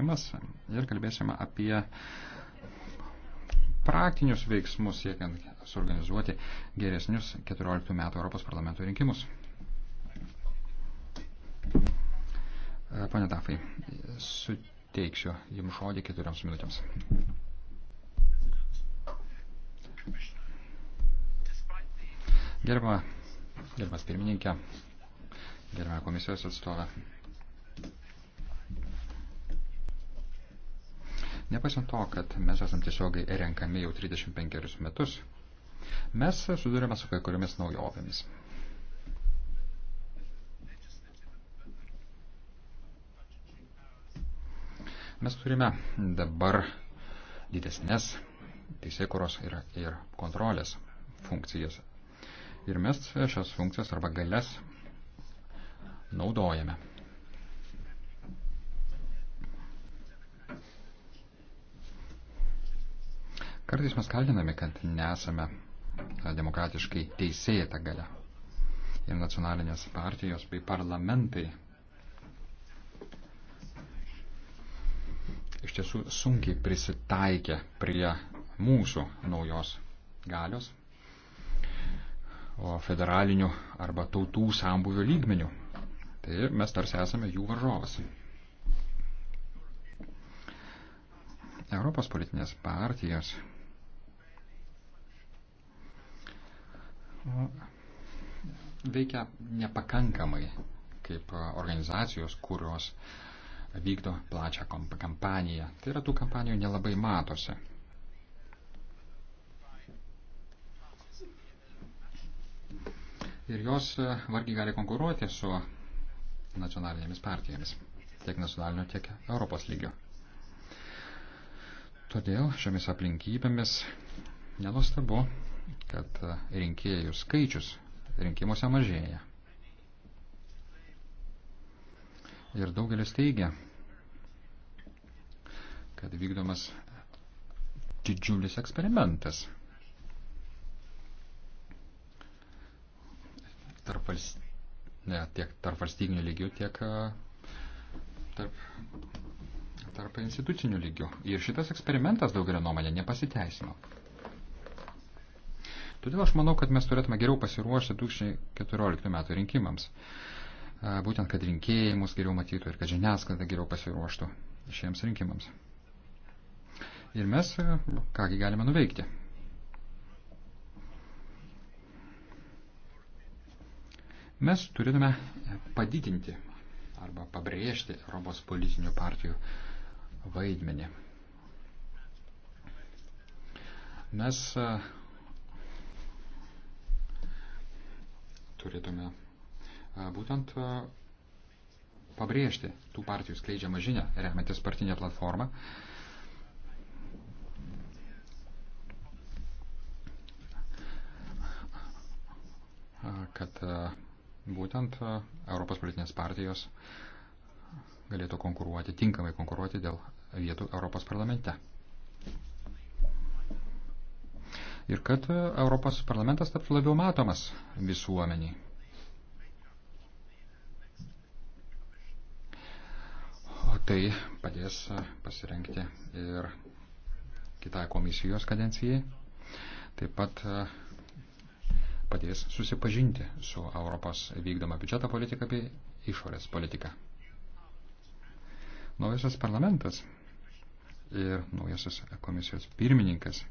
Mes ir kalbėsime apie praktinius veiksmus siekiant suorganizuoti geresnius 14 metų Europos parlamento rinkimus. Pane Dafai, suteiksiu jums žodį keturioms minutėms. Gerbama, gerbamas pirmininkė, gerbama komisijos atstovė, Nepaisant to, kad mes esam tiesiogai renkami jau 35 metus, mes susidurėme su kai kuriomis naujovėmis. Mes turime dabar didesnės teisėkuros ir, ir kontrolės funkcijas. Ir mes šias funkcijas arba galės naudojame. Kartais mes kaltiname, kad nesame e, demokratiškai teisėję tą galę. Ir nacionalinės partijos bei parlamentai iš tiesų sunkiai prisitaikė prie mūsų naujos galios, o federalinių arba tautų sambuvio lygmenių. Tai mes tarsi esame jų varžovas. Europos politinės partijos veikia nepakankamai kaip organizacijos, kurios vykdo plačią kampaniją. Tai yra tų kampanijų nelabai matosi. Ir jos e, vargiai gali konkuruoti su nacionalinėmis partijomis, tiek nacionalinio, tiek Europos lygio. Todėl šiomis aplinkybėmis nenustabu, kad rinkėjų skaičius rinkimuose mažėja. Ir daugelis teigia, kad vykdomas didžiulis eksperimentas tarp, valst... ne, tiek tarp valstybinių lygių, tiek tarp, tarp institucinių lygių. Ir šitas eksperimentas daugelio nuomonė nepasiteisino. Todėl aš manau, kad mes turėtume geriau pasiruošti 2014 metų rinkimams. Būtent, kad rinkėjai mus geriau matytų ir kad žiniasklaida geriau pasiruoštų šiems rinkimams. Ir mes kągi galime nuveikti. Mes turėtume padidinti arba pabrėžti Europos politinių partijų vaidmenį. Mes turėtume būtent pabrėžti tų partijų skleidžiamą žinę, remiantis partinę platformą. kad būtent Europos politinės partijos galėtų konkuruoti, tinkamai konkuruoti dėl vietų Europos parlamente. ir kad Europos parlamentas taptų labiau matomas visuomeniai. O tai padės pasirenkti ir kitai komisijos kadencijai. Taip pat e, padės susipažinti su Europos vykdoma biudžeto politika bei išorės politika. Naujasis parlamentas ir naujasis komisijos pirmininkas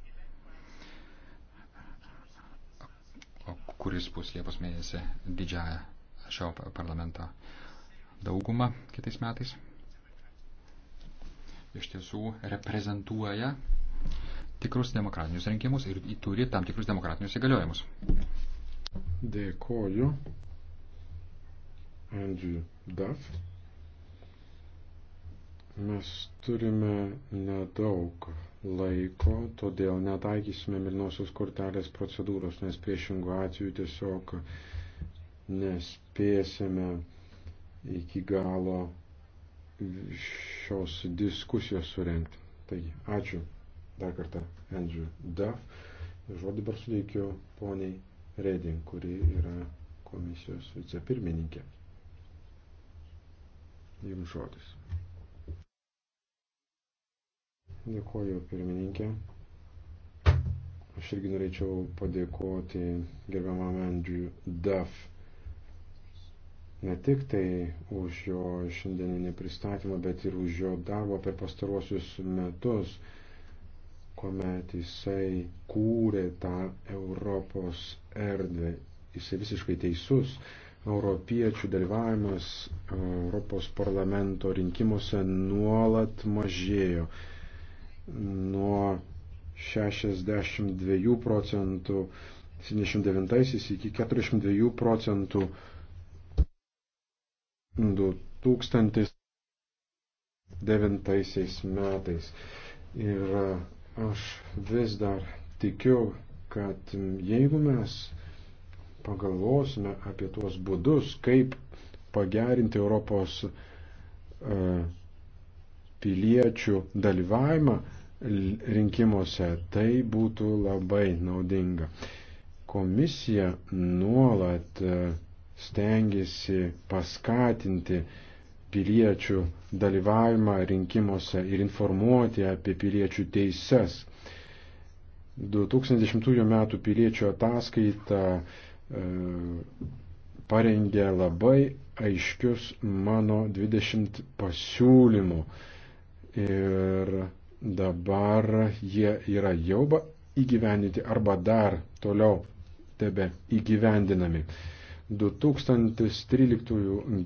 kuris bus Liepos mėnesį didžiąją šio parlamento daugumą kitais metais. Iš tiesų reprezentuoja tikrus demokratinius rinkimus ir turi tam tikrus demokratinius įgaliojimus. Dėkoju. Andrew Duff. Mes turime nedaug laiko, todėl netaikysime milnosios kortelės procedūros, nes priešingų atveju tiesiog nespėsime iki galo šios diskusijos surenkti. Taigi, ačiū dar kartą Andrew Duff. Žodį dabar suteikiu poniai Redin, kuri yra komisijos vicepirmininkė. Jums žodis. Dėkuoju, pirmininkė. Aš irgi norėčiau padėkoti gerbiamam Andrew Duff ne tik tai už jo šiandieninį pristatymą, bet ir už jo darbą per pastaruosius metus, kuomet jisai kūrė tą Europos erdvę. Jisai visiškai teisus. Europiečių dalyvavimas Europos parlamento rinkimuose nuolat mažėjo nuo 62 procentų 79 iki 42 procentų 2009 metais. Ir aš vis dar tikiu, kad jeigu mes pagalvosime apie tuos būdus, kaip pagerinti Europos uh, piliečių dalyvavimą rinkimuose, tai būtų labai naudinga. Komisija nuolat e, stengiasi paskatinti piliečių dalyvavimą rinkimuose ir informuoti apie piliečių teises. 2010 m. piliečių ataskaita e, parengė labai aiškius mano 20 pasiūlymų. E, Ir dabar jie yra jau įgyvendinti arba dar toliau tebe įgyvendinami. 2013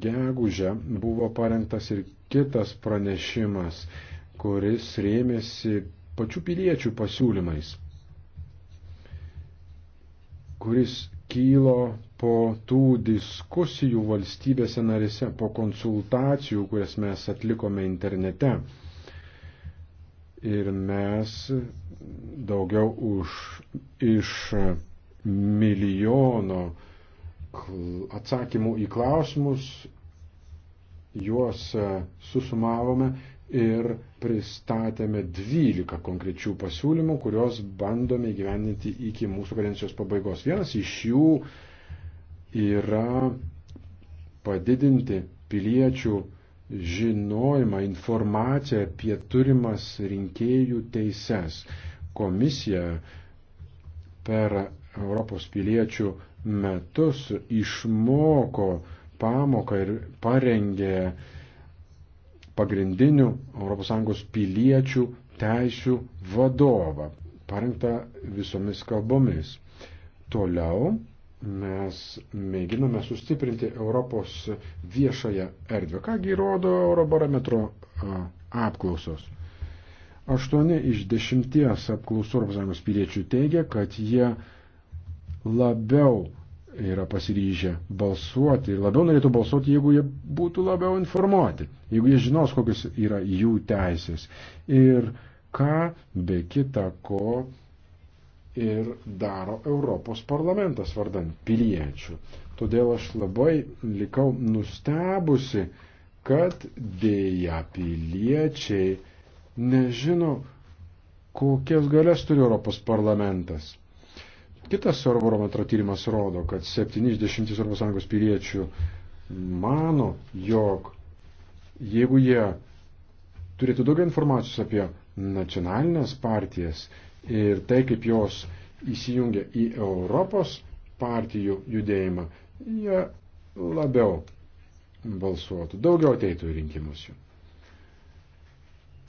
gegužę buvo parengtas ir kitas pranešimas, kuris rėmėsi pačių piliečių pasiūlymais, kuris kylo po tų diskusijų valstybėse narise, po konsultacijų, kurias mes atlikome internete ir mes daugiau už, iš milijono atsakymų į klausimus juos e, susumavome ir pristatėme 12 konkrečių pasiūlymų, kuriuos bandome įgyvendinti iki mūsų kadencijos pabaigos. Vienas iš jų yra padidinti piliečių žinojimą, informaciją apie turimas rinkėjų teises. Komisija per Europos piliečių metus išmoko pamoką ir parengė pagrindinių ES piliečių teisių vadovą, parengtą visomis kalbomis. Toliau mes mėginame sustiprinti Europos viešąją erdvę. Kągi rodo Eurobarometro apklausos. Aštuoni iš dešimties apklausų Europos Sąjungos piliečių teigia, kad jie labiau yra pasiryžę balsuoti ir labiau norėtų balsuoti, jeigu jie būtų labiau informuoti, jeigu jie žinos, kokios yra jų teisės. Ir ką be kita ko ir daro Europos parlamentas vardan piliečių. Todėl aš labai likau nustebusi, kad dėja piliečiai nežino, kokias galės turi Europos parlamentas. Kitas Eurobarometro tyrimas rodo, kad 70 ES piliečių mano, jog jeigu jie turėtų daugiau informacijos apie nacionalinės partijas, ir tai, kaip jos įsijungia į Europos partijų judėjimą, jie labiau balsuotų, daugiau ateitų į rinkimus jų.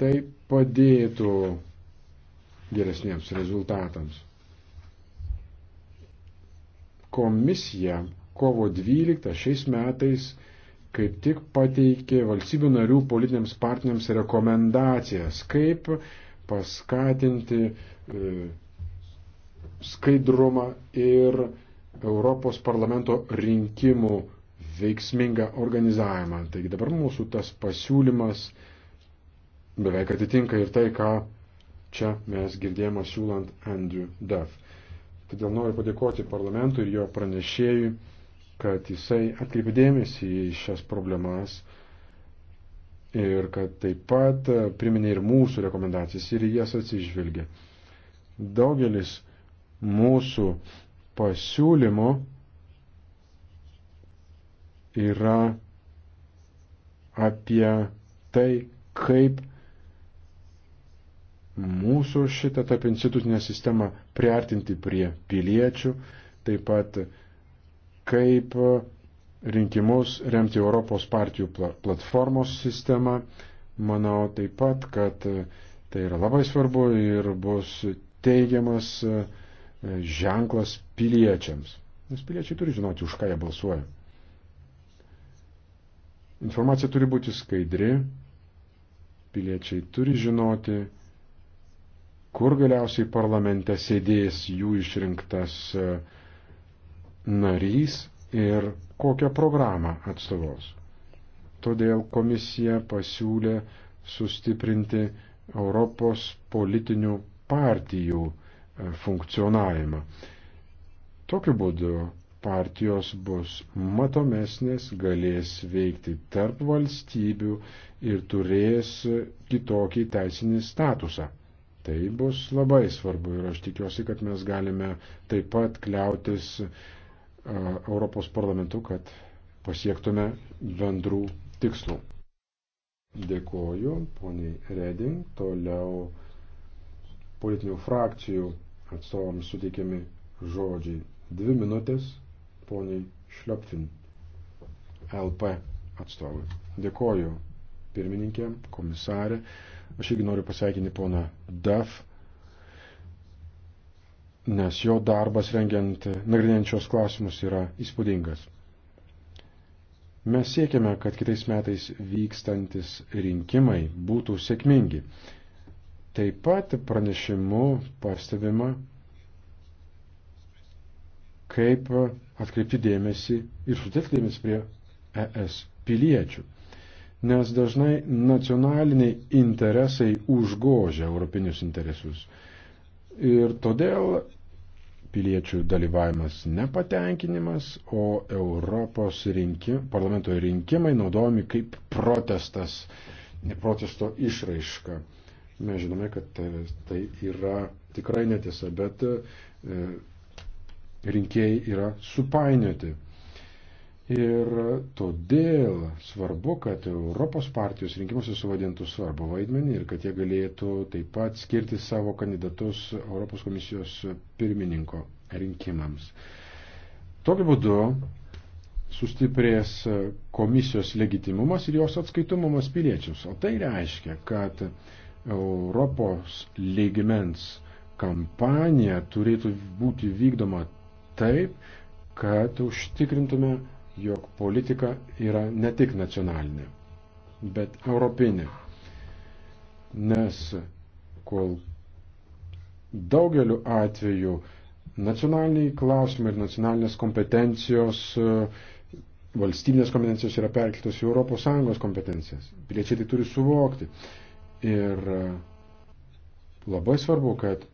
Tai padėtų geresniems rezultatams. Komisija kovo 12 šiais metais kaip tik pateikė valstybių narių politiniams partneriams rekomendacijas, kaip paskatinti e, skaidrumą ir Europos parlamento rinkimų veiksmingą organizavimą. Taigi dabar mūsų tas pasiūlymas beveik atitinka ir tai, ką čia mes girdėjome siūlant Andrew Duff. Todėl noriu padėkoti parlamentui ir jo pranešėjui, kad jisai atkreipė dėmesį į šias problemas ir kad taip pat e, priminė ir mūsų rekomendacijas ir jas atsižvelgė. Daugelis mūsų pasiūlymų yra apie tai, kaip mūsų šitą tarp institucinę sistemą priartinti prie piliečių, taip pat kaip rinkimus remti Europos partijų platformos sistemą. Manau taip pat, kad e, tai yra labai svarbu ir bus teigiamas e, ženklas piliečiams. Nes piliečiai turi žinoti, už ką jie balsuoja. Informacija turi būti skaidri, piliečiai turi žinoti, kur galiausiai parlamente sėdės jų išrinktas e, narys ir kokią programą atstovaus. Todėl komisija pasiūlė sustiprinti Europos politinių partijų e, funkcionavimą. Tokiu būdu partijos bus matomesnės, galės veikti tarp valstybių ir turės kitokį teisinį statusą. Tai bus labai svarbu ir aš tikiuosi, kad mes galime taip pat kliautis E, Europos parlamentu, kad pasiektume bendrų tikslų. Dėkoju, poniai Reding. Toliau politinių frakcijų atstovams suteikiami žodžiai. Dvi minutės poniai Šliopfin, LP atstovui. Dėkoju, pirmininkė, komisarė. Aš irgi noriu pasveikinti poną Daf nes jo darbas rengiant nagrinėjančios klausimus yra įspūdingas. Mes siekiame, kad kitais metais vykstantis rinkimai būtų sėkmingi. Taip pat pranešimu pastebima, kaip atkreipti dėmesį ir sutelkti dėmesį prie ES piliečių. Nes dažnai nacionaliniai interesai užgožia europinius interesus. Ir todėl piliečių dalyvavimas nepatenkinimas, o Europos rinkim, parlamento rinkimai naudojami kaip protestas, protesto išraiška. Mes žinome, kad tai, tai yra tikrai netiesa, bet e, rinkėjai yra supainioti Ir todėl svarbu, kad Europos partijos rinkimuose suvadintų svarbu vaidmenį ir kad jie galėtų taip pat skirti savo kandidatus Europos komisijos pirmininko rinkimams. Tokiu būdu sustiprės komisijos legitimumas ir jos atskaitumumas piliečiams. O tai reiškia, kad Europos lygmens kampanija turėtų būti vykdoma taip, kad užtikrintume jog politika yra ne tik nacionalinė, bet europinė. Nes kol daugeliu atveju nacionaliniai klausimai ir nacionalinės kompetencijos, valstybinės kompetencijos yra perkeltos į ES kompetencijas. Piliečiai tai turi suvokti. Ir labai svarbu, kad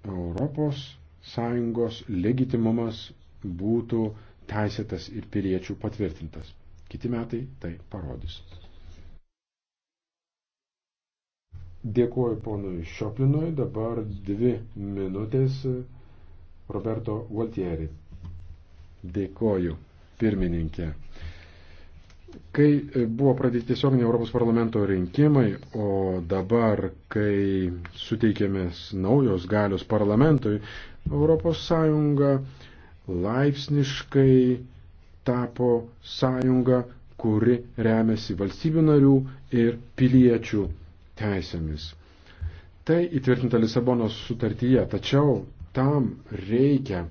ES legitimumas būtų teisėtas ir piliečių patvirtintas. Kiti metai tai parodys. Dėkuoju ponui Šioplinui, dabar dvi minutės e, Roberto Gualtieri. Dėkuoju, pirmininkė. Kai e, buvo pradėti tiesioginiai Europos parlamento rinkimai, o dabar, kai suteikėmės naujos galios parlamentui, Europos Sąjunga laipsniškai tapo sąjunga, kuri remiasi valstybių narių ir piliečių teisėmis. Tai įtvirtinta Lisabonos sutartyje, tačiau tam reikia,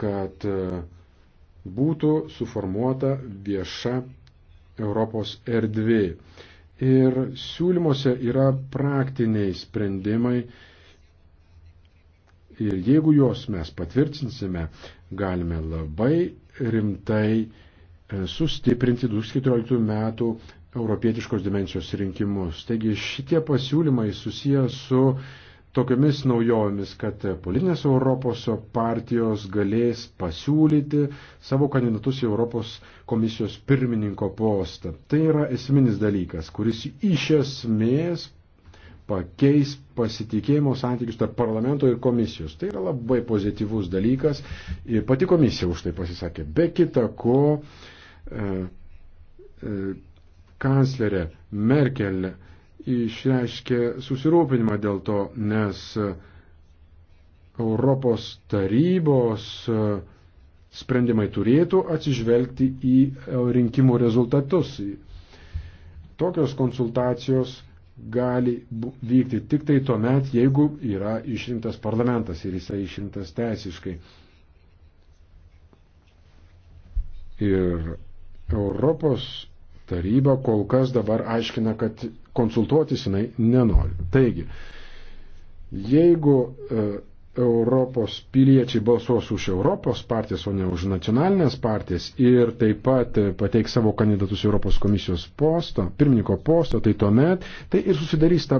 kad e, būtų suformuota vieša Europos erdvė. Ir siūlymuose yra praktiniai sprendimai. Ir jeigu juos mes patvirtinsime, galime labai rimtai e, sustiprinti 2014 metų europietiškos dimensijos rinkimus. Taigi šitie pasiūlymai susiję su tokiamis naujovėmis, kad politinės Europos partijos galės pasiūlyti savo kandidatus į Europos komisijos pirmininko postą. Tai yra esminis dalykas, kuris iš esmės pakeis pasitikėjimo santykius tarp parlamento ir komisijos. Tai yra labai pozityvus dalykas ir pati komisija už tai pasisakė. Be kita ko, e, e, kanclerė Merkel išreiškė susirūpinimą dėl to, nes Europos tarybos e, sprendimai turėtų atsižvelgti į rinkimų rezultatus. Tokios konsultacijos gali vykti tik tai tuo met, jeigu yra išrinktas parlamentas ir jisai išrinktas teisiškai. Ir Europos taryba kol kas dabar aiškina, kad konsultuotis jinai nenori. Taigi, jeigu e, Europos piliečiai balsuos už Europos partijas, o ne už nacionalinės partijas ir taip pat e, pateiks savo kandidatus Europos komisijos posto, pirmininko posto, tai tuomet tai ir susidarys ta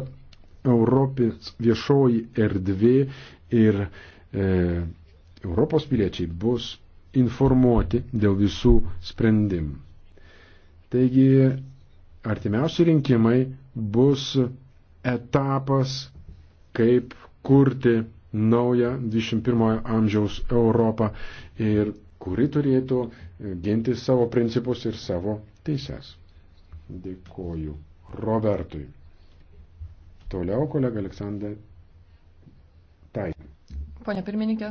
Europės viešoji erdvė ir e, Europos piliečiai bus informuoti dėl visų sprendimų. Taigi, artimiausi rinkimai bus etapas, kaip kurti naują 21 amžiaus Europą ir kuri turėtų ginti savo principus ir savo teises. Dėkoju Robertui. Toliau kolega Aleksandrė Tai. Pone pirmininkė,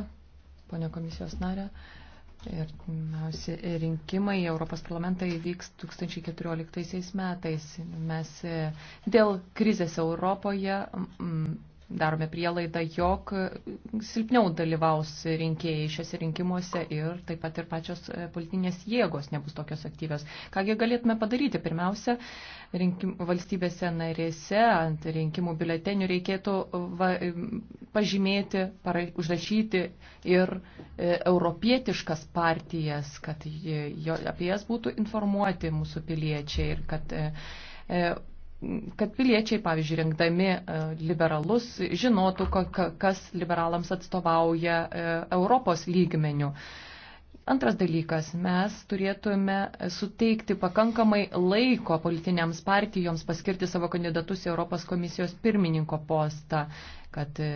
pone komisijos narė, ir pirmiausia, rinkimai į Europos parlamentą įvyks 2014 metais. Mes dėl krizės Europoje darome prielaidą, jog silpniau dalyvaus rinkėjai šiuose rinkimuose ir taip pat ir pačios e, politinės jėgos nebus tokios aktyvios. Kągi galėtume padaryti? Pirmiausia, rinkim, valstybėse narėse ant rinkimų biuletenių reikėtų e, va, e, pažymėti, para, užrašyti ir e, europietiškas partijas, kad jo, apie jas būtų informuoti mūsų piliečiai ir kad e, kad piliečiai, pavyzdžiui, rinkdami e, liberalus, žinotų, kas liberalams atstovauja e, Europos lygmenių. Antras dalykas, mes turėtume suteikti pakankamai laiko politiniams partijoms paskirti savo kandidatus į Europos komisijos pirmininko postą, kad e,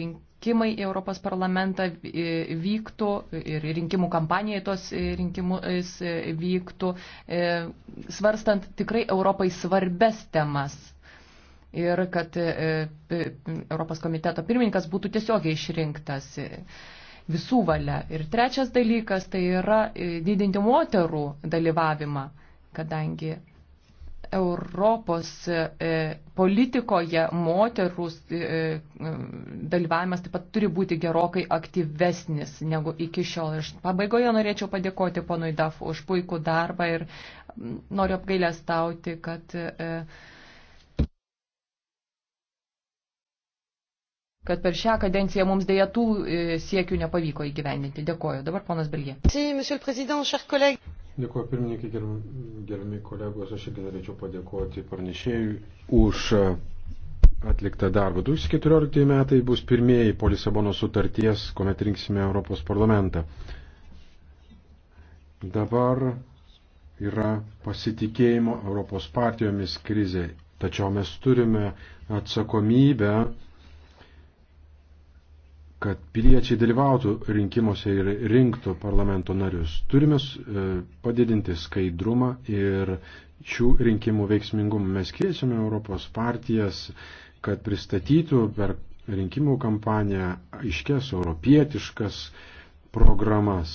rink, rinkimai į Europos parlamentą vyktų ir rinkimų kampanija į tos rinkimus e, vyktų, e, svarstant tikrai Europai svarbes temas. Ir kad e, Europos komiteto pirmininkas būtų tiesiogiai išrinktas visų valia. Ir trečias dalykas tai yra didinti moterų dalyvavimą, kadangi Europos e, politikoje moterų e, e, dalyvavimas taip pat turi būti gerokai aktyvesnis negu iki šiol. Aš pabaigoje norėčiau padėkoti ponui Daf už puikų darbą ir noriu apgailę stauti, kad, kad per šią kadenciją mums dėja tų siekių nepavyko įgyvendinti. Dėkoju. Dabar ponas Belgė. Dėkuoju pirmininkai, gerbiami kolegos, aš irgi norėčiau padėkoti pranešėjui už e, atliktą darbą. 2014 metai bus pirmieji po Lisabono sutarties, kuomet rinksime Europos parlamentą. Dabar yra pasitikėjimo Europos partijomis krizė, tačiau mes turime atsakomybę kad piliečiai dalyvautų rinkimuose ir rinktų parlamento narius. Turime e, padidinti skaidrumą ir šių rinkimų veiksmingumą. Mes kviečiame Europos partijas, kad pristatytų per rinkimų kampaniją aiškės europietiškas programas.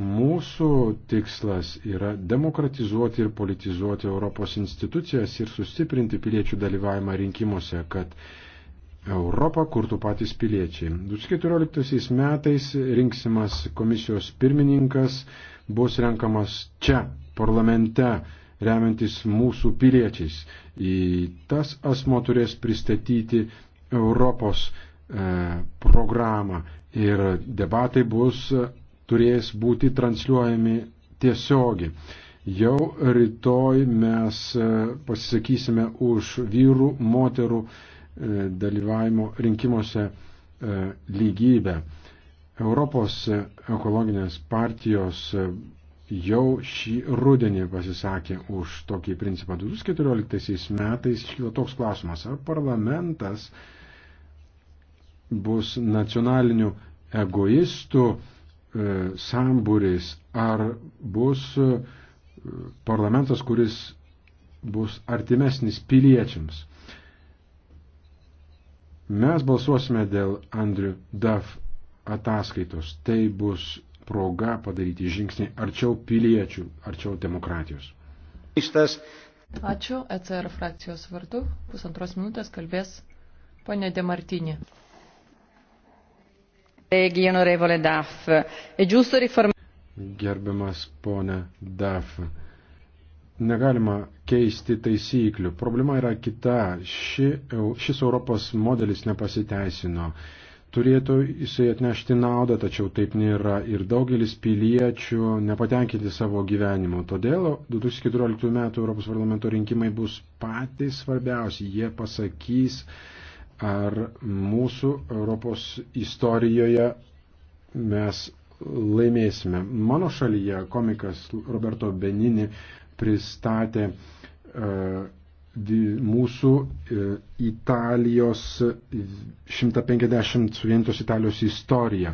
Mūsų tikslas yra demokratizuoti ir politizuoti Europos institucijas ir sustiprinti piliečių dalyvavimą rinkimuose, kad Europą kurtų patys piliečiai. 2014 metais rinksimas komisijos pirmininkas bus renkamas čia, parlamente, remiantis mūsų piliečiais. Į tas asmo turės pristatyti Europos e, programą ir debatai bus, turės būti transliuojami tiesiogiai. Jau rytoj mes e, pasisakysime už vyrų, moterų, E, dalyvavimo rinkimuose e, lygybę. Europos ekologinės partijos e, jau šį rudenį pasisakė už tokį principą. 2014 metais iškyla toks klausimas, ar parlamentas bus nacionalinių egoistų e, sambūris, ar bus e, parlamentas, kuris bus artimesnis piliečiams. Mes balsuosime dėl Andrew Duff ataskaitos. Tai bus proga padaryti žingsnį arčiau piliečių, arčiau demokratijos. Ačiū ECR frakcijos vardu. Pusantros minutės kalbės ponė Demartinė. Gerbiamas ponė Daf, negalima keisti taisyklių. Problema yra kita. Ši, šis Europos modelis nepasiteisino. Turėtų jisai atnešti naudą, tačiau taip nėra ir daugelis piliečių nepatenkinti savo gyvenimu. Todėl 2014 m. Europos parlamento rinkimai bus patys svarbiausi. Jie pasakys, ar mūsų Europos istorijoje mes laimėsime. Mano šalyje komikas Roberto Benini pristatė e, mūsų e, Italijos 150 suvientos Italijos istoriją.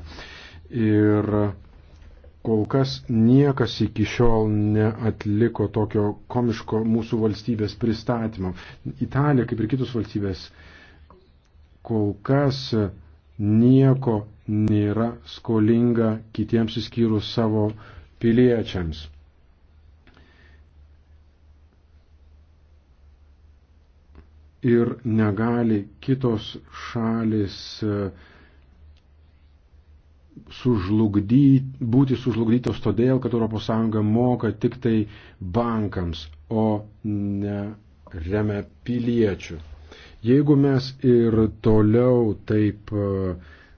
Ir kol kas niekas iki šiol neatliko tokio komiško mūsų valstybės pristatymo. Italija, kaip ir kitus valstybės, kol kas nieko nėra skolinga kitiems įskyrus savo piliečiams. ir negali kitos šalis e, sužlugdy, būti sužlugdytos todėl, kad ES moka tik tai bankams, o ne remia piliečių. Jeigu mes ir toliau taip e,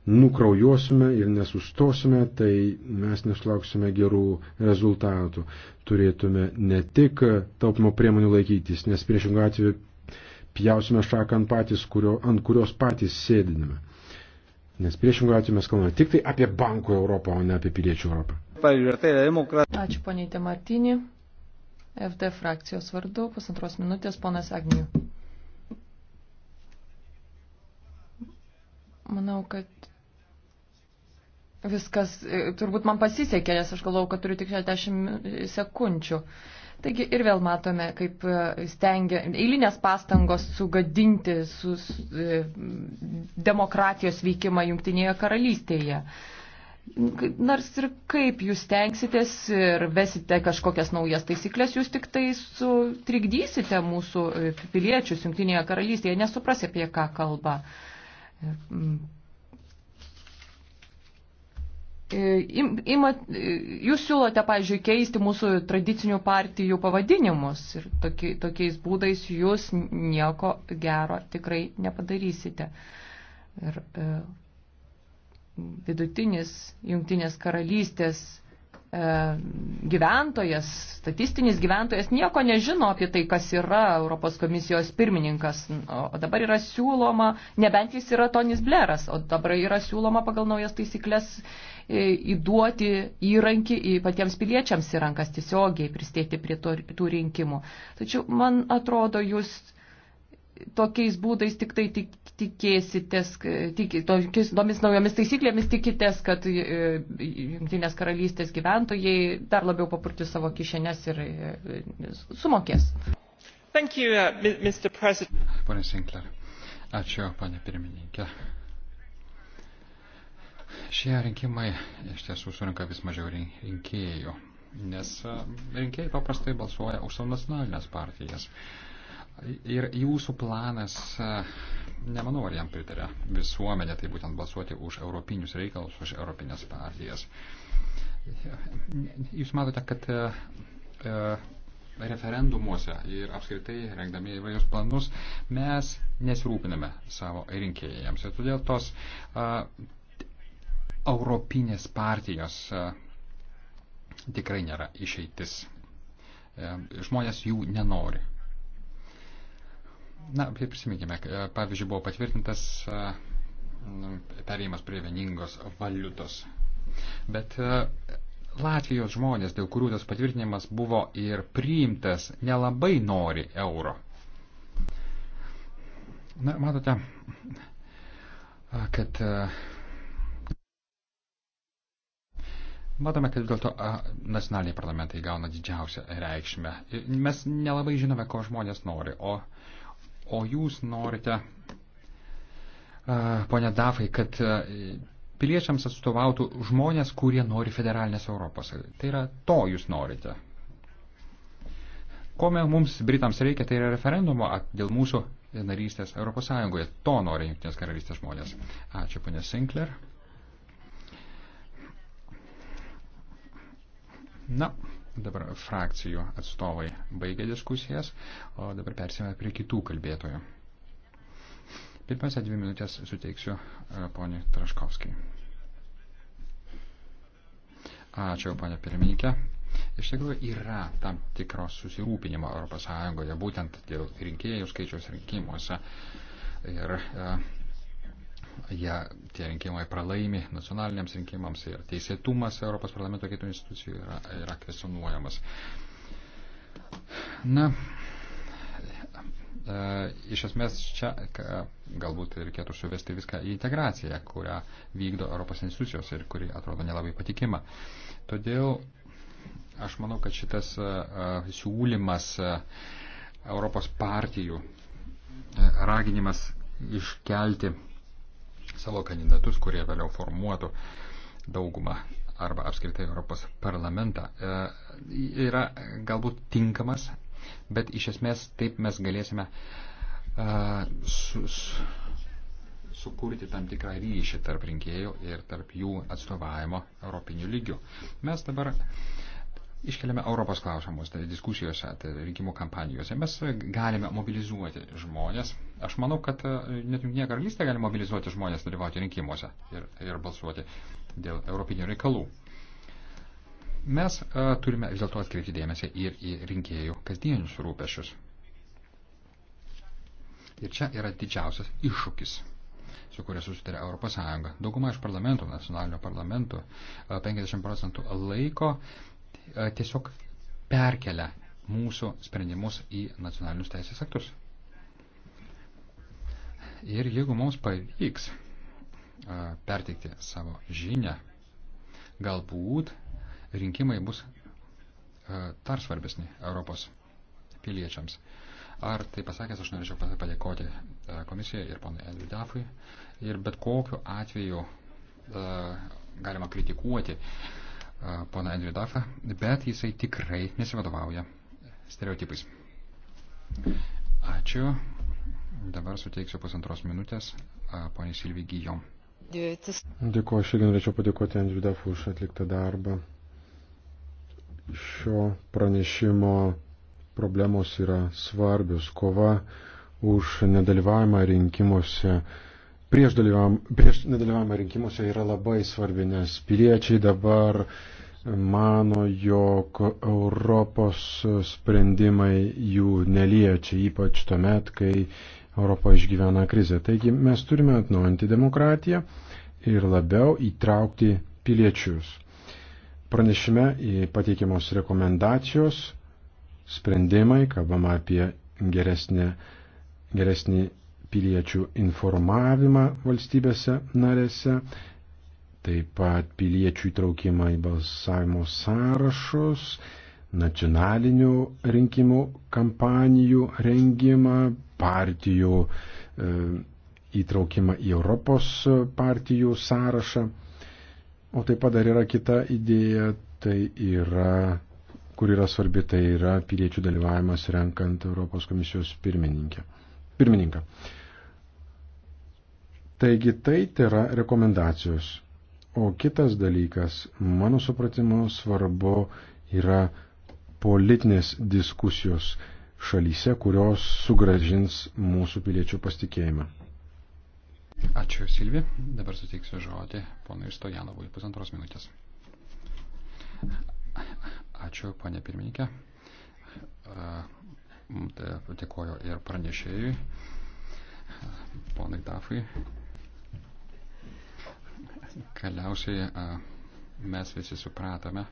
nukraujuosime ir nesustosime, tai mes nesulauksime gerų rezultatų. Turėtume ne tik taupimo priemonių laikytis, nes priešingų atveju pjausime šaką ant, patys, kurio, ant kurios patys sėdiname. Nes priešingų atveju mes kalbame tik tai apie bankų Europą, o ne apie piliečių Europą. Ačiū poniai Demartinį. FD frakcijos vardu pusantros minutės ponas Agnių. Manau, kad viskas, e, turbūt man pasisekė, nes aš galvau, kad turiu tik 60 sekundžių. Taigi ir vėl matome, kaip e, stengia eilinės pastangos sugadinti su, su, e, demokratijos veikimą Junktinėje karalystėje. Nors ir kaip jūs tenksitės ir vesite kažkokias naujas taisyklės, jūs tik tai sutrikdysite mūsų e, piliečius Junktinėje karalystėje, nesupras apie ką kalba. E, ima, e, jūs siūlote, pavyzdžiui, keisti mūsų tradicinių partijų pavadinimus ir toki, tokiais būdais jūs nieko gero tikrai nepadarysite. Ir e, vidutinis jungtinės karalystės E, gyventojas, statistinis gyventojas nieko nežino apie tai, kas yra Europos komisijos pirmininkas. O dabar yra siūloma, nebent jis yra Tonis Bleras, o dabar yra siūloma pagal naujas taisyklės e, įduoti įrankį į patiems piliečiams į rankas tiesiogiai pristėti prie tų rinkimų. Tačiau man atrodo, jūs tokiais būdais tik tai tik, tikėsitės, tik, tokiais, tomis naujomis taisyklėmis tikitės, kad e, Junktinės karalystės gyventojai dar labiau papurti savo kišenės ir e, sumokės. Thank you, uh, Mr. President. Pane Sinclair, ačiū, pane pirmininkė. Šie rinkimai iš tiesų surinka vis mažiau rinkėjų, nes e, rinkėjai paprastai balsuoja už savo nacionalinės partijas. Uh, Ir jūsų planas, e, nemanau, ar jam pritarė visuomenė, tai būtent balsuoti už europinius reikalus, už europinės partijas. Jūs matote, kad e, e, referendumuose ir apskritai rengdami įvairius planus mes nesirūpiname savo rinkėjams. Ir todėl tos a, europinės partijos a, tikrai nėra išeitis. A, žmonės jų nenori. Na, prisiminkime, e, pavyzdžiui, buvo patvirtintas e, perėjimas prie vieningos valiutos. Bet e, Latvijos žmonės, dėl kurių tas patvirtinimas buvo ir priimtas, nelabai nori euro. Na, matote, kad. Matome, kad dėl to nacionaliniai parlamentai gauna didžiausią reikšmę. Mes nelabai žinome, ko žmonės nori, o O jūs norite, ponia Dafai, kad piliečiams atstovautų žmonės, kurie nori federalinės Europos. Tai yra to jūs norite. Ko mums Britams reikia, tai yra referendumo dėl mūsų narystės Europos Sąjungoje. To nori Junktinės karalystės žmonės. Ačiū, ponė Sinclair. Na, Dabar frakcijų atstovai baigė diskusijas, o dabar persime prie kitų kalbėtojų. Pirmiausia, dvi minutės suteiksiu e, poniai Traškovskijai. Ačiū, ponia pirmininkė. Iš tikrųjų, yra tam tikros susirūpinimo ES, būtent dėl rinkėjų skaičiaus rinkimuose. Ir, uh, ja, tie rinkimai pralaimi nacionaliniams rinkimams ir teisėtumas Europos parlamento kitų institucijų yra, yra kvesionuojamas. Na, e, iš esmės čia ka, galbūt reikėtų suvesti viską į integraciją, kurią vykdo Europos institucijos ir kuri atrodo nelabai patikima. Todėl aš manau, kad šitas e, siūlymas e, Europos partijų e, raginimas iškelti savo kandidatus, kurie vėliau formuotų daugumą arba apskritai Europos parlamentą, e, yra galbūt tinkamas, bet iš esmės taip mes galėsime e, su, su, sukurti tam tikrą ryšį tarp rinkėjų ir tarp jų atstovavimo europinių lygių. Mes dabar uh, iškeliame Europos klausimus, tai diskusijose, tai rinkimų kampanijose, mes galime mobilizuoti žmonės. Aš manau, kad e, net jungtinė karalystė gali mobilizuoti žmonės dalyvauti rinkimuose ir, ir balsuoti dėl europinių reikalų. Mes a, e, turime vis dėlto atkreipti dėmesį ir į rinkėjų kasdienius rūpešius. Ir čia yra didžiausias iššūkis su kuria susitarė Europos Sąjunga. Dauguma iš parlamentų, nacionalinio parlamentų, 50 e, procentų laiko E, tiesiog perkelia mūsų sprendimus į nacionalinius teisės aktus. Ir jeigu mums pavyks e, perteikti savo žinę, galbūt rinkimai bus e, dar svarbesni Europos piliečiams. Ar tai pasakęs, aš norėčiau padėkoti komisijai ir ponui Edvidafui. Ir bet kokiu atveju galima kritikuoti uh, poną Andrių Dafą, bet jisai tikrai nesivadovauja stereotipais. Ačiū. Dabar suteiksiu pusantros minutės poniai Silvijai Gijom. Dėkuoju, aš irgi norėčiau padėkoti Andriu Dafu už atliktą darbą. Šio pranešimo problemos yra svarbios. Kova už nedalyvavimą rinkimuose prieš, prieš nedalyvavimą rinkimuose yra labai svarbi, nes piliečiai dabar mano, jog Europos sprendimai jų neliečia, ypač tuomet, kai Europa išgyvena krizę. Taigi mes turime atnaujinti demokratiją ir labiau įtraukti piliečius. Pranešime pateikiamos rekomendacijos, sprendimai, kalbama apie geresnį, geresnį piliečių informavimą valstybėse narėse, taip pat piliečių įtraukimą į balsavimo sąrašus, nacionalinių rinkimų kampanijų rengimą, partijų e, įtraukimą į Europos partijų sąrašą. O taip pat dar yra kita idėja, tai yra, kur yra svarbi, tai yra piliečių dalyvavimas renkant Europos komisijos pirmininkę. pirmininką. pirmininką. Taigi tai yra rekomendacijos. O kitas dalykas, mano supratimo, svarbu yra politinės diskusijos šalyse, kurios sugražins mūsų piliečių pasitikėjimą. Ačiū Silvi. Dabar suteiksiu žodį ponui Stojanovui pusantros minutės. Ačiū, ponė pirmininkė. Dėkoju ir pranešėjui, ponai Dafui. Galiausiai mes visi supratome,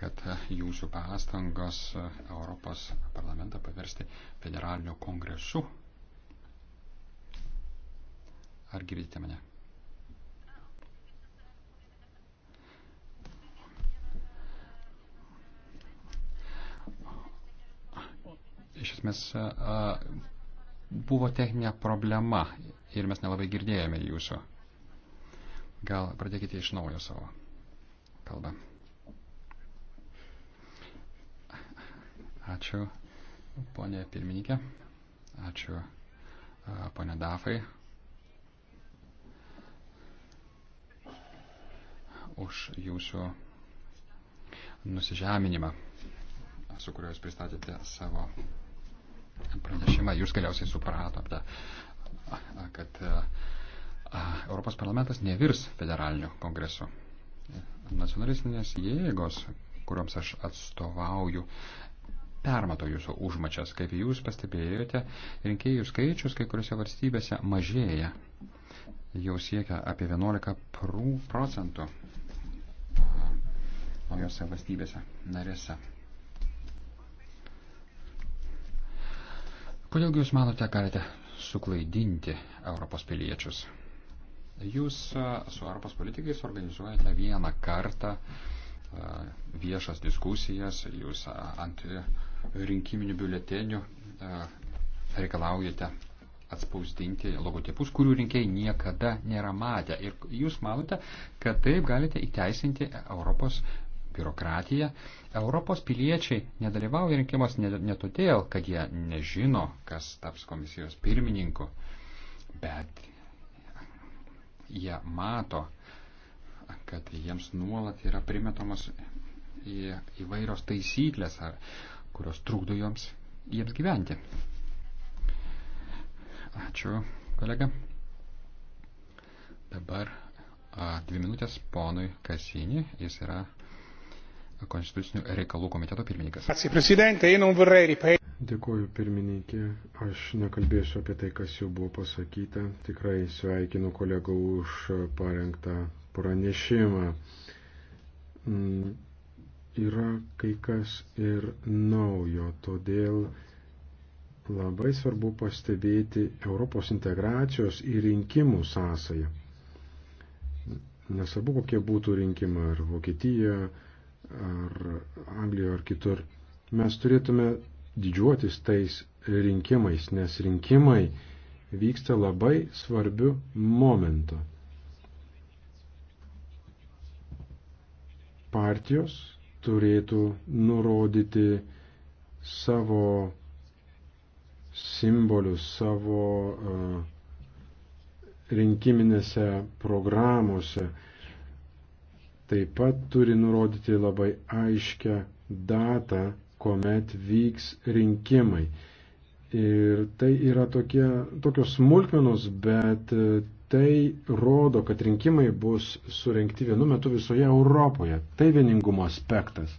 kad jūsų pastangos Europos parlamentą paversti federaliniu kongresu. Ar girdite mane? Iš esmės buvo techninė problema ir mes nelabai girdėjome jūsų. Gal pradėkite iš naujo savo kalbą. Ačiū, ponė pirmininkė. Ačiū, ponė Dafai. Už jūsų nusižeminimą, su kuriuo jūs pristatėte savo pranešimą. Jūs galiausiai supratote, kad Europos parlamentas nevirs federaliniu kongresu. Nacionalistinės jėgos, kuriuoms aš atstovauju, permato jūsų užmačias. Kaip jūs pastebėjote, rinkėjų skaičius kai kuriuose valstybėse mažėja. Jau siekia apie 11 procentų naujose valstybėse narėse. Kodėl jūs manote, galite suklaidinti Europos piliečius? Jūs e, su Europos politikais organizuojate vieną kartą e, viešas diskusijas, jūs e, ant rinkiminių biuletenių reikalaujate atspausdinti logotipus, kurių rinkėjai niekada nėra matę. Ir jūs manote, kad taip galite įteisinti Europos biurokratiją. Europos piliečiai nedalyvauja rinkimas ne, ne todėl, kad jie nežino, kas taps komisijos pirmininku, bet jie mato, kad jiems nuolat yra primetamos į, įvairios taisyklės, ar, kurios trukdo joms, jiems gyventi. Ačiū, kolega. Dabar a, dvi minutės ponui Kasinį, jis yra konstitucinių reikalų komiteto pirmininkas. Dėkuoju pirmininkė, aš nekalbėsiu apie tai, kas jau buvo pasakyta. Tikrai sveikinu kolegą už parengtą pranešimą. Mm, yra kai kas ir naujo, todėl labai svarbu pastebėti Europos integracijos į rinkimų sąsąją. Nesvarbu, kokie būtų rinkimai ar Vokietija, ar Anglijoje ar kitur, mes turėtume didžiuotis tais rinkimais, nes rinkimai vyksta labai svarbiu momentu. Partijos turėtų nurodyti savo simbolius, savo uh, rinkiminėse programuose, uh, taip pat turi nurodyti labai aiškę datą, kuomet vyks rinkimai. Ir tai yra tokie, tokios smulkmenos, bet e, tai rodo, kad rinkimai bus surenkti vienu metu visoje Europoje. Tai vieningumo aspektas.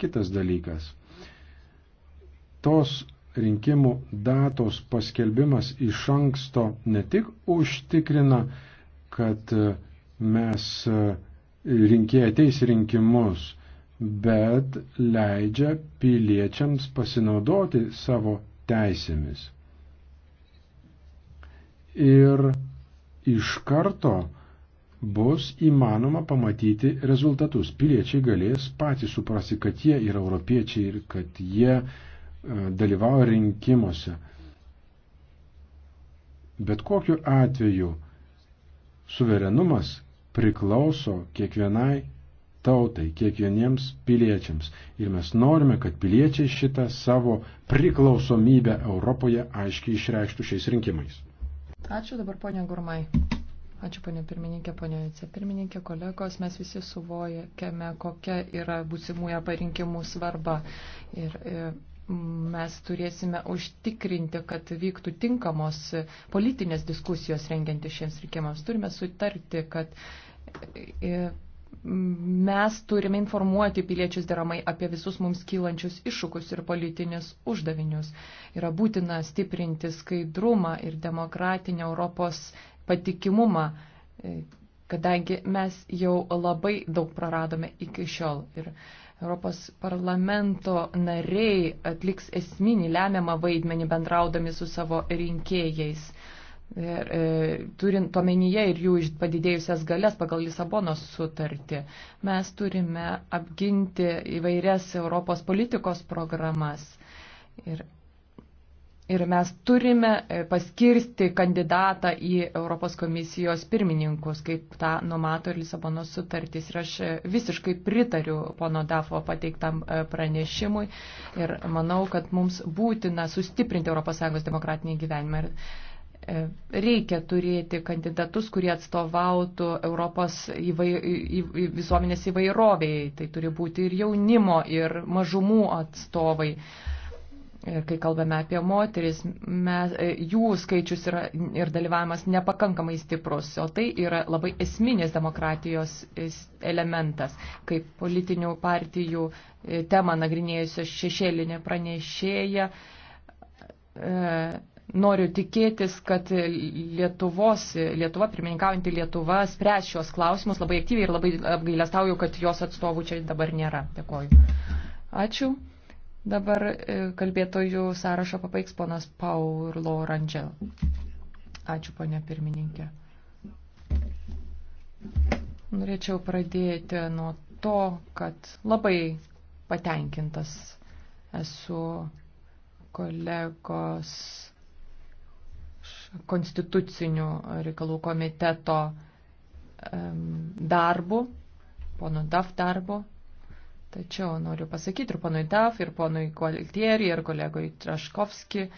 Kitas dalykas. Tos rinkimų datos paskelbimas iš anksto ne tik užtikrina, kad e, mes e, rinkėjai ateis rinkimus, bet leidžia piliečiams pasinaudoti savo teisėmis. Ir iš karto bus įmanoma pamatyti rezultatus. Piliečiai galės patys suprasti, kad jie yra europiečiai ir kad jie e, dalyvauja rinkimuose. Bet kokiu atveju suverenumas priklauso kiekvienai tautai, kiekvieniems piliečiams. Ir mes norime, kad piliečiai šitą savo priklausomybę Europoje aiškiai išreikštų šiais rinkimais. Ačiū dabar, ponia Gurmai. Ačiū, ponia pirmininkė, ponia vicepirmininkė, kolegos. Mes visi suvojame, kokia yra būsimųje parinkimų svarba. Ir, ir e, mes turėsime užtikrinti, kad vyktų tinkamos politinės diskusijos rengianti šiems rinkimams. Turime sutarti, kad e, mes turime informuoti piliečius deramai apie visus mums kylančius iššūkus ir politinius uždavinius. Yra būtina stiprinti skaidrumą ir demokratinę Europos patikimumą, e, kadangi mes jau labai daug praradome iki šiol. Ir Europos parlamento nariai atliks esminį lemiamą vaidmenį bendraudami su savo rinkėjais. Ir, e, turint omenyje ir jų padidėjusias galės pagal Lisabonos sutartį, mes turime apginti įvairias Europos politikos programas. Ir Ir mes turime e, paskirsti kandidatą į Europos komisijos pirmininkus, kaip tą numato ir Lisabono sutartys. Ir aš e, visiškai pritariu pono Dafo pateiktam e, pranešimui ir manau, kad mums būtina sustiprinti ES demokratinį gyvenimą. Ir reikia turėti kandidatus, kurie atstovautų Europos įvai, į, į, visuomenės įvairoviai. Tai turi būti ir jaunimo, ir mažumų atstovai. Uh, kai kalbame apie moteris, mes, e, jų skaičius yra, ir dalyvavimas nepakankamai stiprus, o tai yra labai esminės demokratijos e, elementas, kaip politinių partijų e, temą nagrinėjusios šešėlinė pranešėja. Noriu tikėtis, kad Lietuvos, Lietuva, pirmininkaujantį Lietuvą, spręs šios klausimus labai aktyviai ir labai apgailestauju, kad jos atstovų čia dabar nėra. Dėkoju. Ačiū. Dabar e, kalbėtojų sąrašą papaiks ponas Paulo Rangel. Ačiū, ponė pirmininkė. Norėčiau pradėti nuo to, kad labai patenkintas esu kolegos konstitucinių reikalų komiteto darbu, pono DAF darbu, Tačiau noriu pasakyti ir ponui Daf, ir ponui Kualtieri, ir kolegoj Traškovski,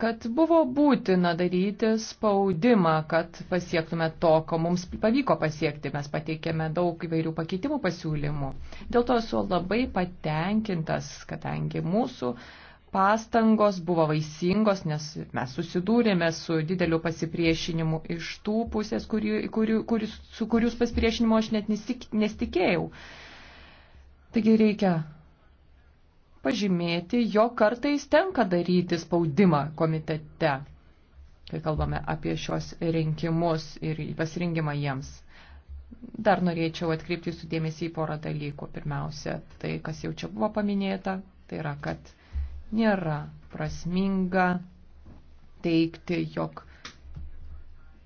kad buvo būtina daryti spaudimą, kad pasiektume to, ko mums pavyko pasiekti. Mes pateikėme daug įvairių pakeitimų pasiūlymų. Dėl to esu labai patenkintas, kadangi mūsų pastangos buvo vaisingos, nes mes susidūrėme su dideliu pasipriešinimu iš tų pusės, kurių, kurių, kurių, su kurius pasipriešinimu aš net nesitikėjau. Nesik, Taigi reikia pažymėti, jo kartais tenka daryti spaudimą komitete, kai kalbame apie šios rinkimus ir pasirinkimą jiems. Dar norėčiau atkreipti jūsų dėmesį į porą dalykų. Pirmiausia, tai, kas jau čia buvo paminėta, tai yra, kad nėra prasminga teikti, jog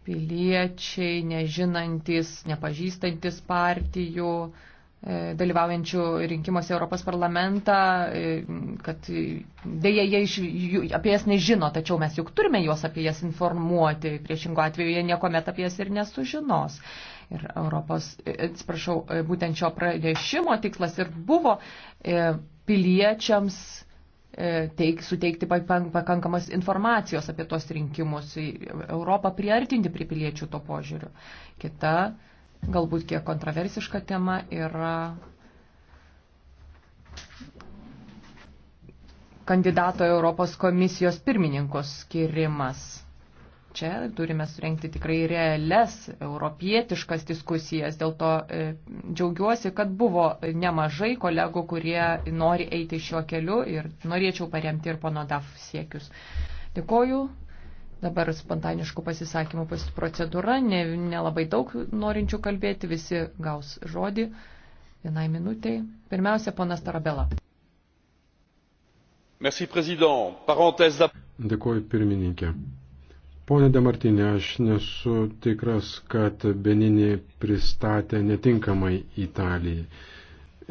piliečiai, nežinantis, nepažįstantis partijų, uh, E, dalyvaujančių rinkimuose Europos parlamentą, e, kad dėja jie iš, jų, apie jas nežino, tačiau mes juk turime juos apie jas informuoti, priešingo atveju jie niekuomet apie jas ir nesužinos. Ir Europos, e, atsiprašau, būtent šio pranešimo tikslas ir buvo piliečiams teik, suteikti pakankamas informacijos apie tos rinkimus, Europą priartinti prie piliečių to požiūriu. Kita galbūt kiek kontroversiška tema yra kandidato Europos komisijos pirmininkos skirimas. Čia turime surenkti tikrai realias europietiškas diskusijas, dėl to e, džiaugiuosi, kad buvo nemažai kolegų, kurie nori eiti šiuo keliu ir norėčiau paremti ir pono DAF siekius. Dėkoju. Dabar spontaniškų pasisakymų procedūra, nelabai ne, ne daug norinčių kalbėti, visi gaus žodį vienai minutiai. Pirmiausia, ponas Tarabela. Dėkuoju pirmininkė. Pone Demartinė, aš nesu tikras, kad Beninė pristatė netinkamai Italijai.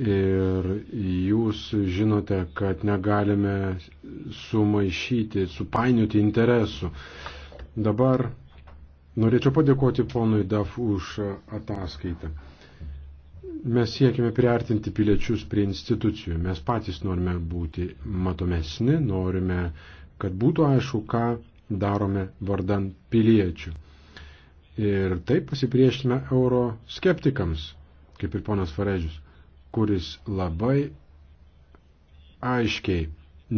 Ir jūs žinote, kad negalime sumaišyti, supainioti interesų. Dabar norėčiau padėkoti ponui DAF už ataskaitą. Mes siekime priartinti piliečius prie institucijų. Mes patys norime būti matomesni, norime, kad būtų aišku, ką darome vardan piliečių. Ir taip pasipriešime euro skeptikams, kaip ir ponas Farežius kuris labai aiškiai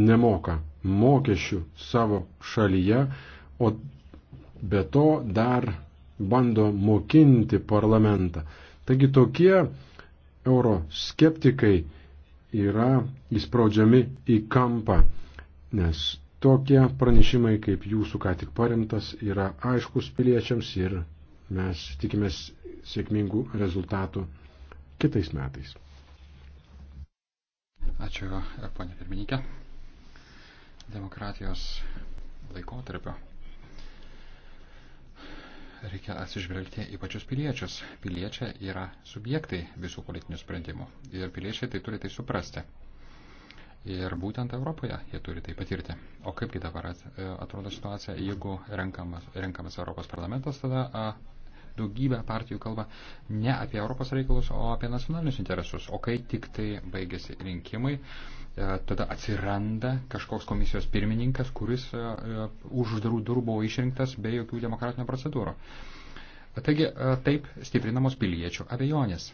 nemoka mokesčių savo šalyje, o be to dar bando mokinti parlamentą. Taigi tokie euroskeptikai yra įspraudžiami į kampą, nes tokie pranešimai kaip jūsų ką tik paremtas yra aiškus piliečiams ir mes tikimės sėkmingų rezultatų kitais metais. Ačiū, ponė pirmininkė. Demokratijos laikotarpio reikia atsižvelgti į pačius piliečius. Piliečiai yra subjektai visų politinių sprendimų ir piliečiai tai turi tai suprasti. Ir būtent Europoje jie turi tai patirti. O kaipgi dabar e, atrodo situacija, jeigu renkamas, renkamas Europos parlamentas, tada a, daugybė partijų kalba ne apie Europos reikalus, o apie nacionalinius interesus. O kai tik tai baigėsi rinkimai, e, tada atsiranda kažkoks komisijos pirmininkas, kuris e, e, už uždarų durų buvo išrinktas be jokių demokratinių procedūrų. Taigi taip stiprinamos piliečių abejonės.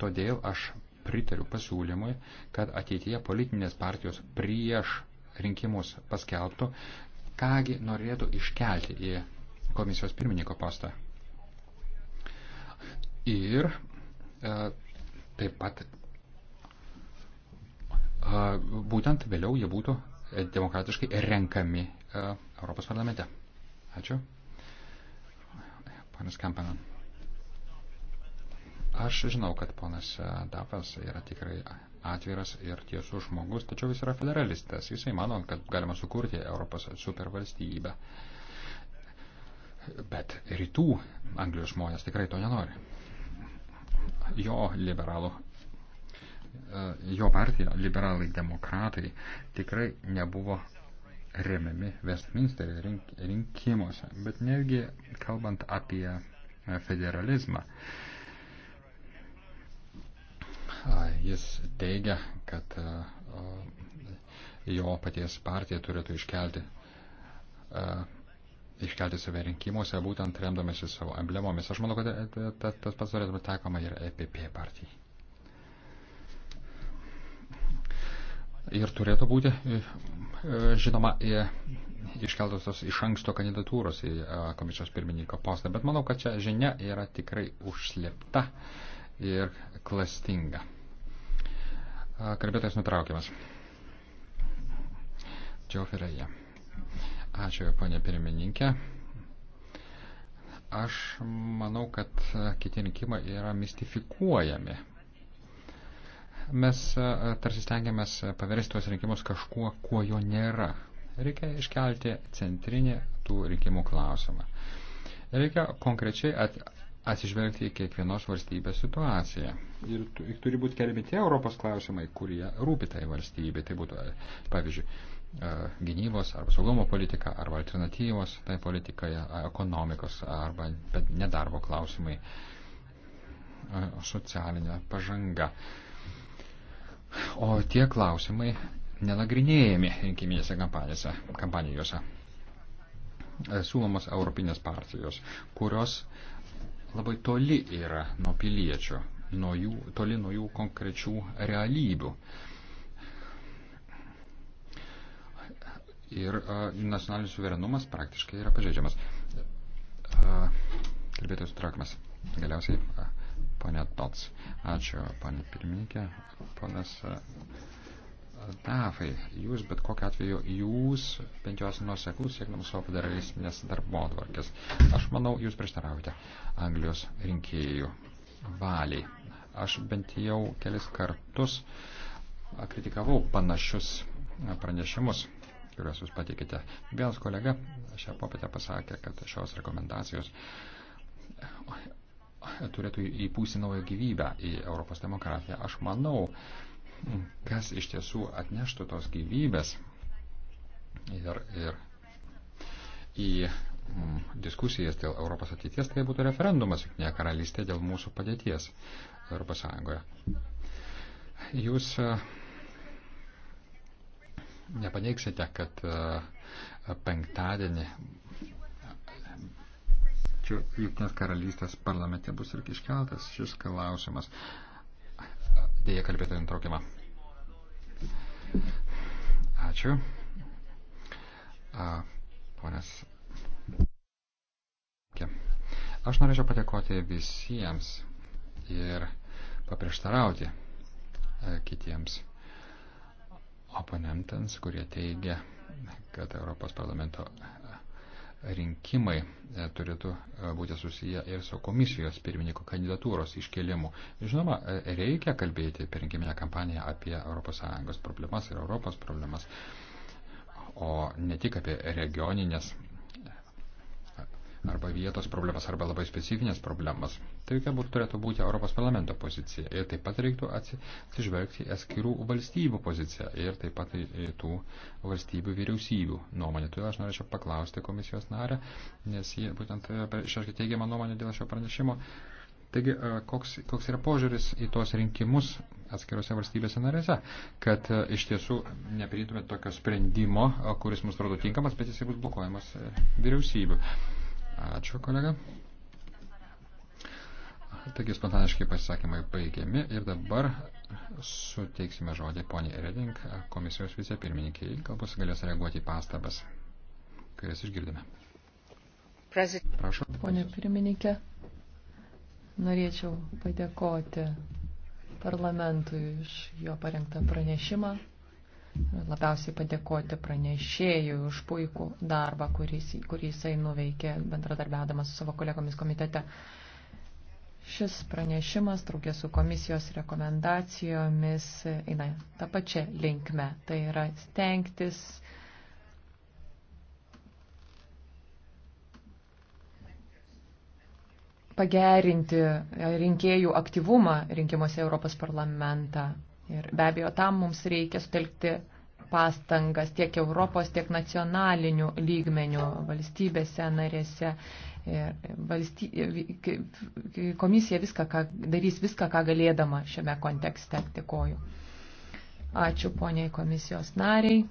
Todėl aš pritariu pasiūlymui, kad ateityje politinės partijos prieš rinkimus paskelbtų, kągi norėtų iškelti į komisijos pirmininko postą ir e, taip pat e, būtent vėliau jie būtų demokratiškai renkami e, Europos parlamente. Ačiū. Panas Kampanan. Aš žinau, kad ponas Dafas yra tikrai atviras ir tiesus žmogus, tačiau jis yra federalistas. Jisai mano, kad galima sukurti Europos supervalstybę. Bet rytų Anglijos žmonės tikrai to nenori jo liberalų, e, jo partija, liberalai demokratai, tikrai nebuvo remiami Westminsterio rink, rinkimuose. Bet netgi kalbant apie e, federalizmą, jis teigia, kad e, jo paties partija turėtų iškelti iškelti save rinkimuose, būtent remdamėsi savo emblemomis. Aš manau, kad e, tas pats turėtų būti taikoma ir EPP partijai. Ir turėtų būti, e, e, žinoma, iškeltos iš anksto kandidatūros į komisijos pirmininko postą, bet manau, kad čia žinia yra tikrai užslėpta ir klastinga. Kalbėtojas nutraukiamas. Džiauferėje. Ačiū, ponė pirmininkė. Aš manau, kad kiti rinkimai yra mistifikuojami. Mes e, tarsi stengiamės paversti tuos rinkimus kažkuo, kuo jo nėra. Reikia iškelti centrinį tų rinkimų klausimą. Reikia konkrečiai at, atsižvelgti į kiekvienos valstybės situaciją. Ir turi būti kelmi tie Europos klausimai, kurie rūpi tai valstybė. Tai būtų, pavyzdžiui, E, gynybos arba saugumo politika arba alternatyvos tai politikai e, ekonomikos arba nedarbo klausimai e, socialinė pažanga. O tie klausimai nenagrinėjami rinkiminėse kampanijose. kampanijose. Siūlomos europinės partijos, kurios labai toli yra nuo piliečių, nuo jų, toli nuo jų konkrečių realybių. Uh, ir nacionalinis suverenumas praktiškai yra pažeidžiamas. Kalbėtojas traukimas. Galiausiai, ponė Tots. Ačiū, ponė pirmininkė. Ponas Tafai, jūs bet kokiu atveju, jūs bent jau esate nuoseklus siekdamas savo federalistinės darbo atvarkės. Aš manau, jūs prieštaraujate Anglijos rinkėjų valiai. Aš bent jau kelis kartus kritikavau panašius pranešimus kuriuos jūs patikite. Vienas kolega šią popietę pasakė, kad šios rekomendacijos turėtų įpūsti naują gyvybę į Europos demokratiją. Aš manau, kas iš tiesų atneštų tos gyvybės ir, ir į mm, diskusijas dėl Europos ateities, tai būtų referendumas Junktinėje karalystėje dėl mūsų padėties Europos Sąjungoje. Jūs uh, nepaneiksite, kad e, penktadienį čia Junktinės karalystės parlamente bus ir iškeltas šis klausimas. Dėja kalbėtojų nutraukimą. Ačiū. A, ponas. Aš norėčiau padėkoti visiems ir paprieštarauti e, kitiems oponentams, kurie teigia, kad Europos parlamento rinkimai e, turėtų e, būti susiję ir su komisijos pirmininko kandidatūros iškelimu. Žinoma, e, reikia kalbėti per rinkiminę kampaniją apie ES problemas ir Europos problemas, o ne tik apie regioninės vietos problemas arba labai specifinės problemas. Tai jokia būtų turėtų būti Europos parlamento pozicija. Ir taip pat reiktų atsižvelgti atskirų valstybių poziciją ir taip pat tų valstybių vyriausybių nuomonę. Todėl aš norėčiau paklausti komisijos narę, nes jie būtent e, išaiškiai teigiamą nuomonę dėl šio pranešimo. Taigi, e, koks, koks yra požiūris į tuos rinkimus atskirose valstybėse narėse, kad e, iš tiesų nepriimtume tokio sprendimo, kuris mums atrodo tinkamas, bet jis bus blokuojamas vyriausybių. Ačiū, kolega. Taigi spontaniškai pasisakymai baigiami ir dabar suteiksime žodį poniai Reding, komisijos vicepirmininkiai, galbūt galės reaguoti į pastabas, kurias išgirdome. Prašau. Pone pirmininkė, norėčiau padėkoti parlamentui iš jo parengtą pranešimą labiausiai padėkoti pranešėjui už puikų darbą, kurį, kurį jisai nuveikė bendradarbiadamas su savo kolegomis komitete. Šis pranešimas, traukė su komisijos rekomendacijomis, eina tą pačią linkmę. Tai yra stengtis pagerinti rinkėjų aktyvumą rinkimuose Europos parlamentą Ir be abejo, tam mums reikia sutelkti pastangas tiek Europos, tiek nacionalinių lygmenių valstybėse narėse. Ir valsty... Komisija viską, ką, darys viską, ką galėdama šiame kontekste. Dėkoju. Ačiū poniai komisijos nariai.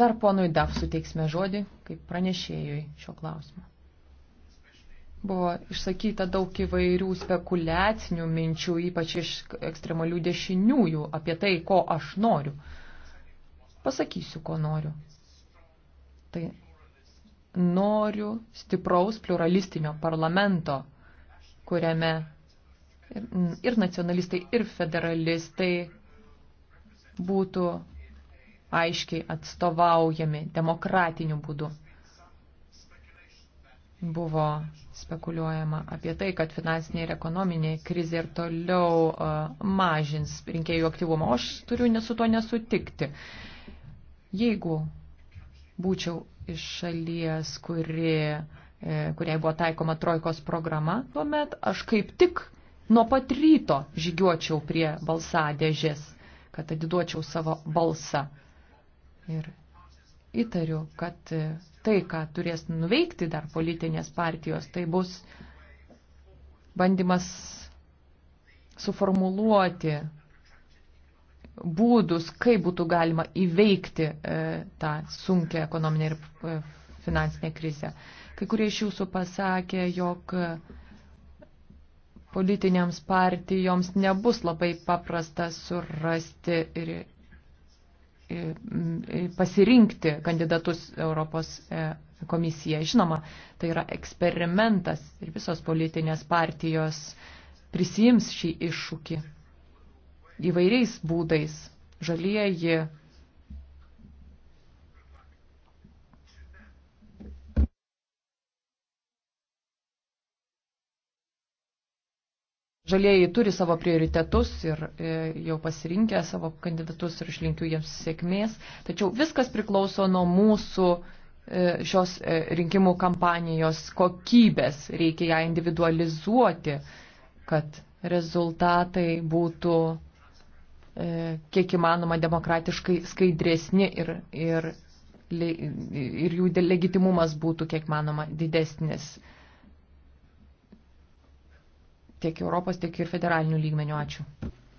Dar ponui DAF suteiksime žodį kaip pranešėjui šio klausimo. Buvo išsakyta daug įvairių spekulacinių minčių, ypač iš ekstremalių dešiniųjų, apie tai, ko aš noriu. Pasakysiu, ko noriu. Tai noriu stipraus pluralistinio parlamento, kuriame ir, ir nacionalistai, ir federalistai būtų aiškiai atstovaujami demokratiniu būdu buvo spekuliuojama apie tai, kad finansinė ir ekonominė krizė ir toliau mažins rinkėjų aktyvumą. O aš turiu su to nesutikti. Jeigu būčiau iš šalies, kuri, e, kuriai buvo taikoma trojkos programa, tuomet aš kaip tik nuo pat ryto žygiuočiau prie balsadėžės, kad atiduočiau savo balsą. Ir įtariu, kad tai, ką turės nuveikti dar politinės partijos, tai bus bandymas suformuluoti būdus, kaip būtų galima įveikti e, tą sunkę ekonominę ir e, finansinę krizę. Kai kurie iš jūsų pasakė, jog politinėms partijoms nebus labai paprasta surasti ir pasirinkti kandidatus Europos e, komisiją. Žinoma, tai yra eksperimentas ir visos politinės partijos prisijims šį iššūkį įvairiais būdais. Žalieji, žalieji turi savo prioritetus ir e, jau pasirinkę savo kandidatus ir aš linkiu jiems sėkmės. Tačiau viskas priklauso nuo mūsų e, šios e, rinkimų kampanijos kokybės. Reikia ją individualizuoti, kad rezultatai būtų kiek įmanoma demokratiškai skaidresni ir, ir, ir jų legitimumas būtų kiek manoma didesnis tiek Europos, tiek ir federalinių lygmenių. Ačiū.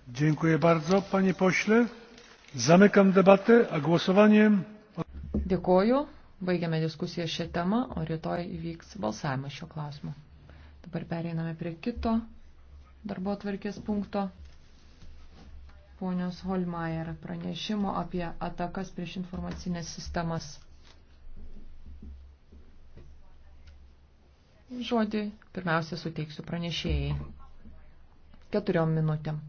Dziękuję bardzo, panie pośle. Zamykam debatę, a głosowanie. Dėkoju. Baigiame diskusiją šią temą, o rytoj įvyks balsavimas šio klausimu. Dabar pereiname prie kito darbo atvarkės punkto. Ponios Holmeier pranešimo apie atakas prieš informacinės sistemas. Žodį pirmiausia suteiksiu pranešėjai. Keturiom minutėm.